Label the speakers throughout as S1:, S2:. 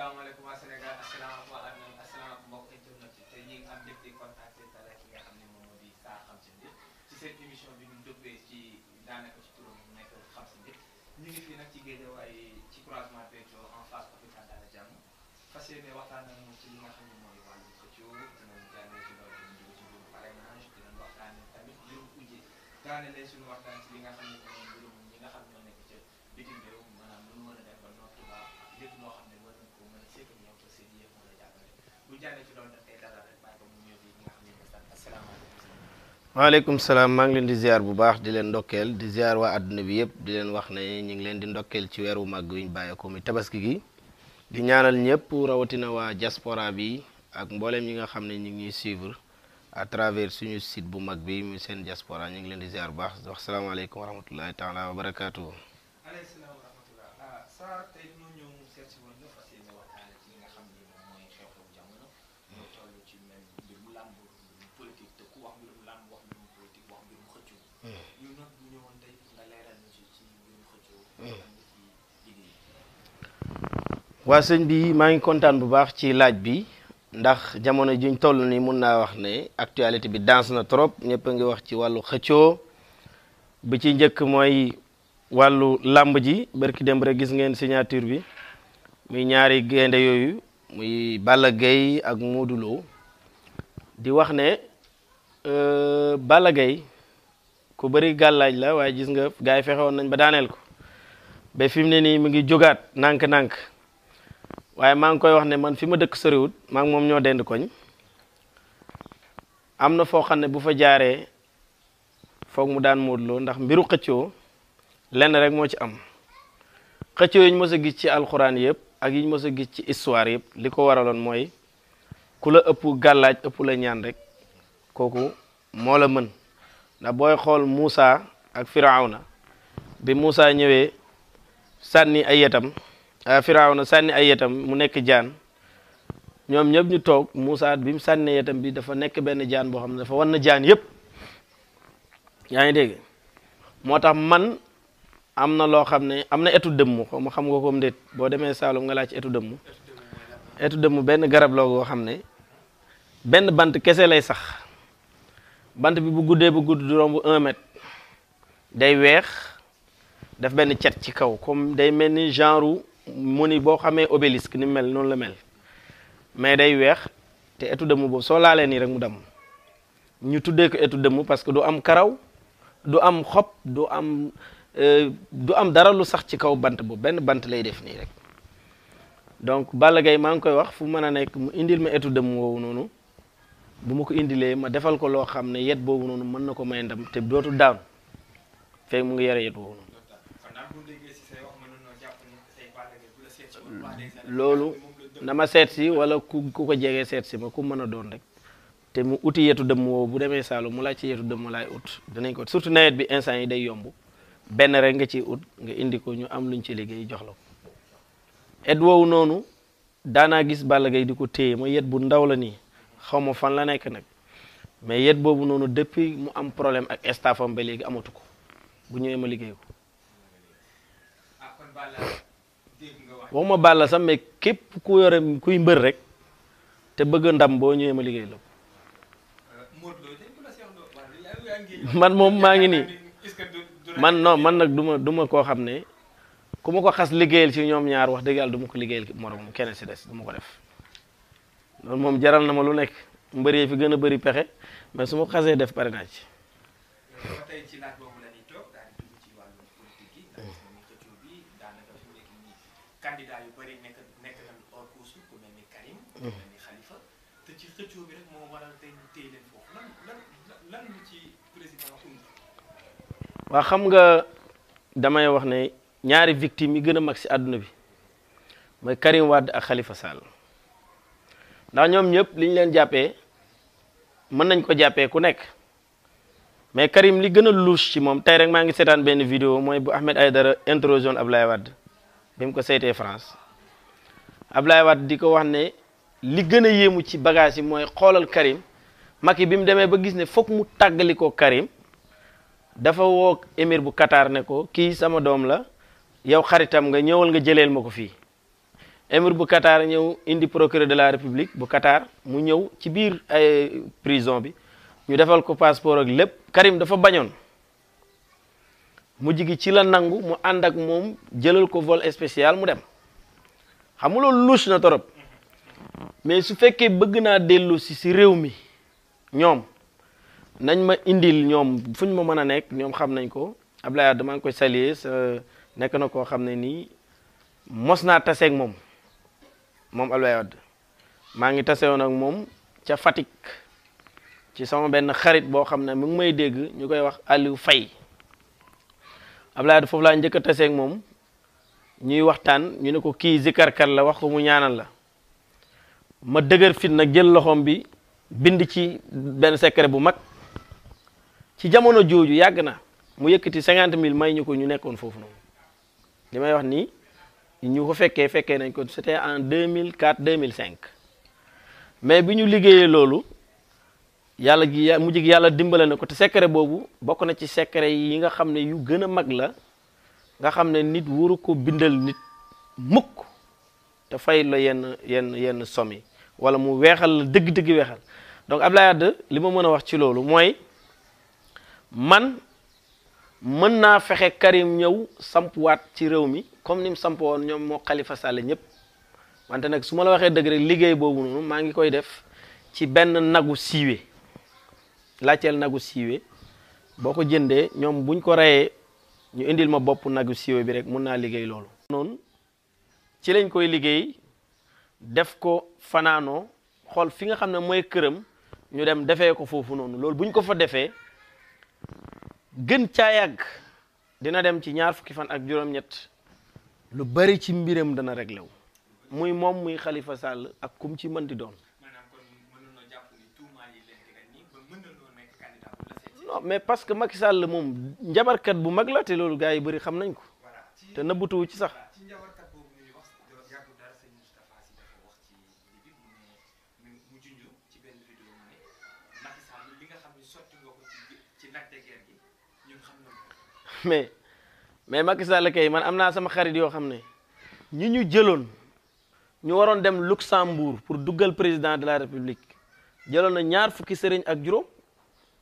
S1: asalaamaaleykum waa Sénégal asalaamaaleykum
S2: waa àdduna bi asalaamaaleykum mbokk internet ñu ngi am lépp xam ne moo di Saa Xam Sa Mbir ci seen émission bi ñu dëppee ci daanaka ci turam mu nekk Xam Sa Mbir ñu ngi fii nag ci Guédiawaay ci croisement Béthio en face hôpital Dalla Diagne fas yéene waxtaan ci li nga xam ne mooy wàllu xëccoo dinañ jàngee ci loolu dinañ dugg ci mbirum parrainage dinañ waxtaanee tamit mbirum ujje daanelee suñu waxtaan ci li nga xam ne mooy mbirum ñi nga xam ñoo nekk ca bitim réew maanaam lu mu mën a def ba noppi ba lépp loo xam ne
S1: passé dañ salaam maa ngi leen di ziar bu baax di leen ndokkeel di ziar waa àdduna bi yëpp di leen wax ne ñu ngi leen di ndokkeel ci weeru màgg wi ñu bàyyi ko mi tabaski gi di ñaanal ñëpp rawatina waa diaspora bi ak mbooleem ñi nga xam ne ñu ngi ñuy suivre à travers suñu sit bu mag bi muy seen jaspora ñu ngi leen di ziar bu baax wax salaamaaleykum wa rahmatullahi taala wa
S2: ñun nag
S1: waa sëñ bi maa ngi kontaan bu baax ci laaj bi ndax jamono jiñ toll nii mun naa wax ne actualité bi danse na trop ñëpp a ngi wax ci wàllu xëccoo bi ci njëkk mooy wàllu làmb ji barki dem rek gis ngeen signature bi muy ñaari gaynde yooyu muy Balla Gaye ak Modou di wax ne euh, Balla Gaye ku bari gàllaaj la waaye gis nga gars yi fexewoon nañ ba daaneel ko ba fi mu ne nii mu ngi jogaat nànk-nànk waaye maa ngi koy wax ne man fi ma dëkk soriwut maa ngi moom ñoo dend koñ am na foo xam ne bu fa jaaree foog mu daan Modou Lo ndax mbiru xëccoo lenn rek moo ci am xëccoo yi ñu mës a gis ci alxuraan yëpp ak yi ñu mës a gis ci histoire yëpp li ko waraloon mooy ku la ëpp gàllaaj ëpp la ñaan rek kooku moo la mën ndax booy xool muusa ak na bi muusa ñëwee sànni ay yetam euh, na sànni ay yetam mu nekk jaan ñoom ñëpp ñu toog Moussa bi mu sànni yetam bi dafa nekk benn jaan boo xam ne dafa wan na jaan yëpp yaa ngi dégg moo tax man am na loo xam ne am na etu dëmm xaw ma xam nga ko déet boo demee Saalum nga laaj ci etu dëmm etu dëmm benn garab la goo xam ne benn bant kese lay sax. bant bi bu guddee bu gudd du romb un mètre day weex daf benn cet ci kaw comme day mel ni genre moni boo xamee obélisque ni mel noonu la mel mais day weex te etu dëmm boobu soo laalee nii rek mu dem ñu tuddee ko etu dëmm parce que du am karaw du am xob du am euh, du am dara lu sax ci kaw bant bu benn bant lay def nii rek donc Balla Gaye maa ngi koy wax fu mën a nekk mu indil ma etu dëmm woowu noonu bu ma ko indilee ma defal ko loo xam ne yet boobu noonu mën na ko may ndam te dootu daanu fekk mu ngi yare yet boobu noonu loolu na ma seet si wala ku ku ko jegee seet si ma ku mën a doon rek te mu uti yetu dëmm woowu bu demee Saalum mu laaj ci yetu dëmm laay ut danañ ko surtout nawet bi instant yi day yomb benn rek nga ci ut nga indi ko ñu am luñ ci liggéey jox la ko et woowu noonu daanaa gis Balla Gaye di ko téye ma yet bu ndaw la nii xaw ma fan la nekk nag mais yet boobu noonu depuis mu am problème ak staffam ba léegi amatu ko bu ñëwee ma liggéey ko waxuma Balla sax mais képp ku yore kuy mbër rek te bëgg ndam boo ñëwee ma liggéey la man moom maa ngi nii man non man nag duma duma koo xam ne ku ma ko xas liggéeyal ci ñoom ñaar wax dëgg yàlla du ma ko liggéeyal moroom keneen si des du ma ko def loolu mom jaral na ma lu nekk mbëri fi gëna bari pexé mais suma xasse def pare naa ci.
S2: candidat yu bari nekk Karim ci
S1: xam nga damay wax ne ñaari victime yi gëna mag ci aduna bi moy Karim wad ak Khalifa Sall ndax ñoom ñëpp li ñu leen jàppee mën nañ ko jàppee ku nekk mais Karim li gën a louche ci moom tey rek maa ngi seetaan benn video mooy bu Ahmed Aïdara intrusion Ablaye Wade bi mu ko seetee France Ablaye Wade di ko wax ne li gën a yéemu ci bagage yi mooy xoolal Karim Macky bi mu demee ba gis ne foog mu tàggali koo Karim dafa woo émir bu Qatar ne ko kii sama doom la yow xaritam nga ñëwal nga jëleel ma ko fii Emir bu qatar ñew indi procureur de la république bu qatar mu ñew ci biir ay prison bi ñu defal ko passeport ak lepp karim dafa bañoon mu jigi ci la nangu mu andak ak mom jëlal ko vol spécial mu dem xam lu loolu louche na torop mais su fekke bëgg na dellu ci ci réew mi ñom nañ ma indil ñom fuñ ma mëna nek ñom xam nañ ko Abdoulaye dama ngi koy saluer nek na ko xamne ni mosna tassé ak mom moom Abdoulaye Wade maa ngi tasewoon ak moom ca Fatick ci sama benn xarit boo xam ne mu ngi may dégg ñu koy wax Aliou Faye Abdoulaye Wade foofu laa njëkk a taseeg moom ñuy waxtaan ñu ne ko kii zikarkat la wax ko mu ñaanal la ma dëgër fit nag jël loxoom bi bind ci benn secret bu mag ci jamono jooju yàgg na mu yëkkati cinquante mille may ñu ko ñu nekkoon foofu noonu li may wax nii ñu ko fekkee fekkee nañ ko c'était en 2004 2005 mais bi ñu liggéeyee loolu yàlla gi mujj gi yàlla dimbale na ko te secret boobu bokk na ci secret yi nga xam ne yu gën a mag la nga xam ne nit waru ko bindal nit mukk te fay la yenn yenn yenn somm yi wala mu weexal la dëgg-dëgg weexal donc Abdoulaye Wade li ma mën a wax ci loolu mooy man mën naa fexe Karim ñëw sampuwaat ci réew mi comme ni mu samp woon ñoom moo Khalifa Sall ñëpp wante nag su ma la waxee dëgg rek liggéey boobu noonu maa ngi koy def ci benn nagu siiwe laajteel nagu siiwe boo ko jëndee ñoom buñ ko reyee ñu indil ma bopp nagu siiwee bi rek mun naa liggéey loolu. noonu ci lañ koy liggéey def ko fanaanoo xool fi nga xam ne mooy këram ñu dem defee ko foofu noonu loolu buñ ko fa defee. gën caa yàgg dina dem ci ñaar fukki fan ak juróom-ñett lu bari ci mbiram dana réglé wu muy moom muy xalifa sàll ak kum ci mën di doon. mais parce que Macky Sall moom njabarkat bu mag la te loolu gars yi bari xam nañ ko te nëbbutuwu ci sax. mais mais Macky Sall kay man am naa sama xarit yoo xam ne ñu ñu jëloon ñu waroon dem Luxembourg pour duggal président de la république jëloon na ñaar fukki sëriñ ak juróom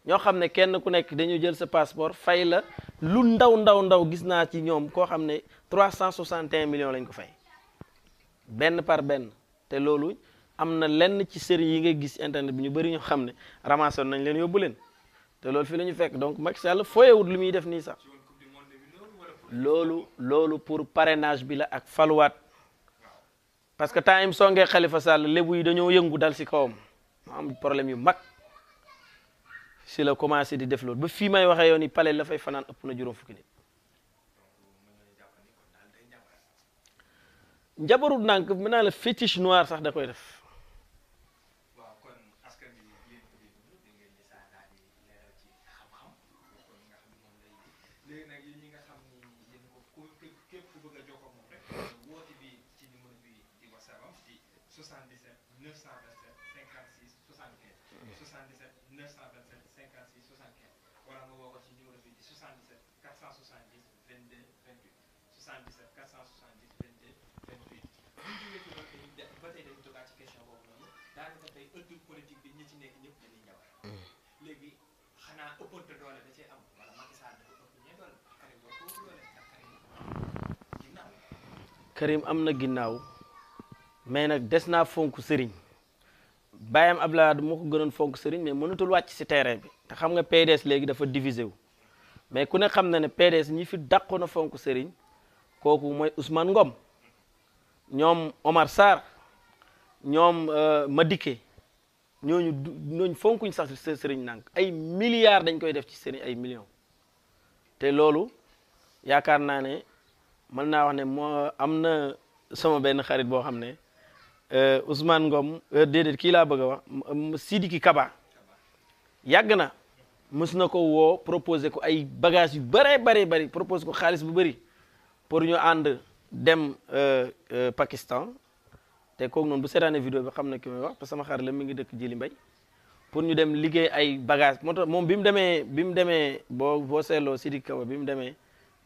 S1: ñoo xam ne kenn ku nekk dañu jël sa passeport fay la lu ndaw ndaw ndaw gis naa ci ñoom koo xam ne 361 millions lañ ko fay benn par benn te loolu am na lenn ci sëriñ yi ngay gis internet bi ñu bëri ñu xam ne ramassé nañ leen yóbbu leen te loolu fii la ñu fekk donc Macky Sall fooyewut lu muy def nii loolu loolu pour parrainage bi la ak faluwaat parce que temps yim songee Khalifa Sall lébu yi dañoo yëngu dal si kawam mu am problème yu mag si la commencé di def loolu ba fii may waxee yoon i palais la fay fanaan ëpp na juróom fukki nit njabarut nànk mën naa la fétiche noir sax da koy def
S2: 77 mm. am
S1: Karim am na ginnaaw mais nag des naa fonk sëriñ bàyyam Abdoulaye Wade moo ko gënoon fonk sëriñ mais mënatul wàcc si terrain bi te xam nga PDS léegi dafa divisé wu mais ku ne xam ne PDS ñi fi dàqoon fonk sëriñ kooku mooy Ousmane Ngom ñoom Omar Sarr ñoom euh, Madické ñooñu ñooñu fonkuñ sax sëriñ nànk ay milliards dañ koy def ci sëriñ ay millions te loolu yaakaar naa ne mën naa wax ne moo am na sama benn xarit boo xam ne euh, Ousmane Ngom euh, déedéet kii laa bëgg a wax Kaba yàgg na mës na ko woo proposé ko ay bagages yu bare bare bari proposé ko xaalis bu bari pour ñu ànd dem euh, euh Pakistan té ko non bu sétane vidéo bi xamna ki may wax parce sama xarit la mi ngi dëkk Jili Mbay pour ñu dem liggéey ay bagage moo tax moom bi mu demee bi mu demee boo Sidi Kaba bi mu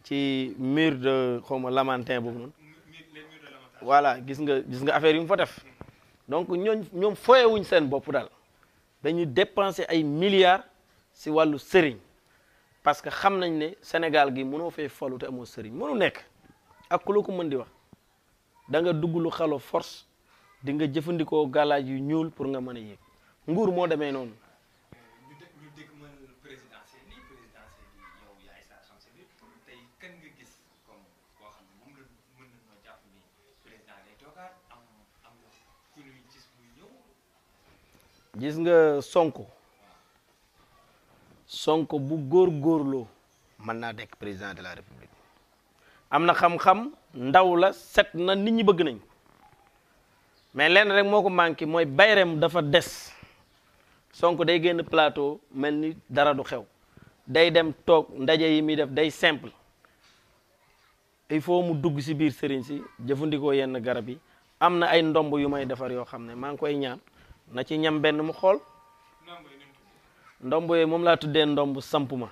S1: ci mur de xaw ma Lamantin boobu noonu voilà gis nga gis nga affaire yu fa def donc ñom ñoom foyewuñ seen bop dal dañu dépenser ay milliards ci walu sëriñ parce que xam nañ ne Sénégal gi mëno fee falu té amo sëriñ mënu nekk ak lu ko mën di wax da nga dugg lu xalo force di nga jëfandikoo galaaj yu ñuul pour nga mën a yéeg nguur moo demee noonu gis nga sonko sonko bu góor góorloo mën naa dekk président de la république am na xam-xam ndaw la set na nit ñi bëgg nañ mais lenn rek moko manki moy bayrem dafa dess sonk day génn plateau melni dara du xew day dem tok ndaje yi mi def day simple il faut mu dugg ci biir serigne ci jëfëndiko yenn garab yi am ay ndomb yu may defar yo xamne ne ngi koy ñaan na ci ñam benn mu xol ndomb yi mom la tuddé ndomb sampuma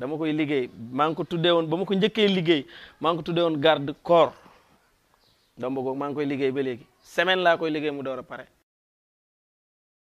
S1: dama koy liggéey maa ngi ko tuddee woon ba ma ko njëkkee liggéey maa ngi ko tuddee woon garde corps dama ko maa ngi koy liggéey ba léegi semaine laa koy liggéey mu door a pare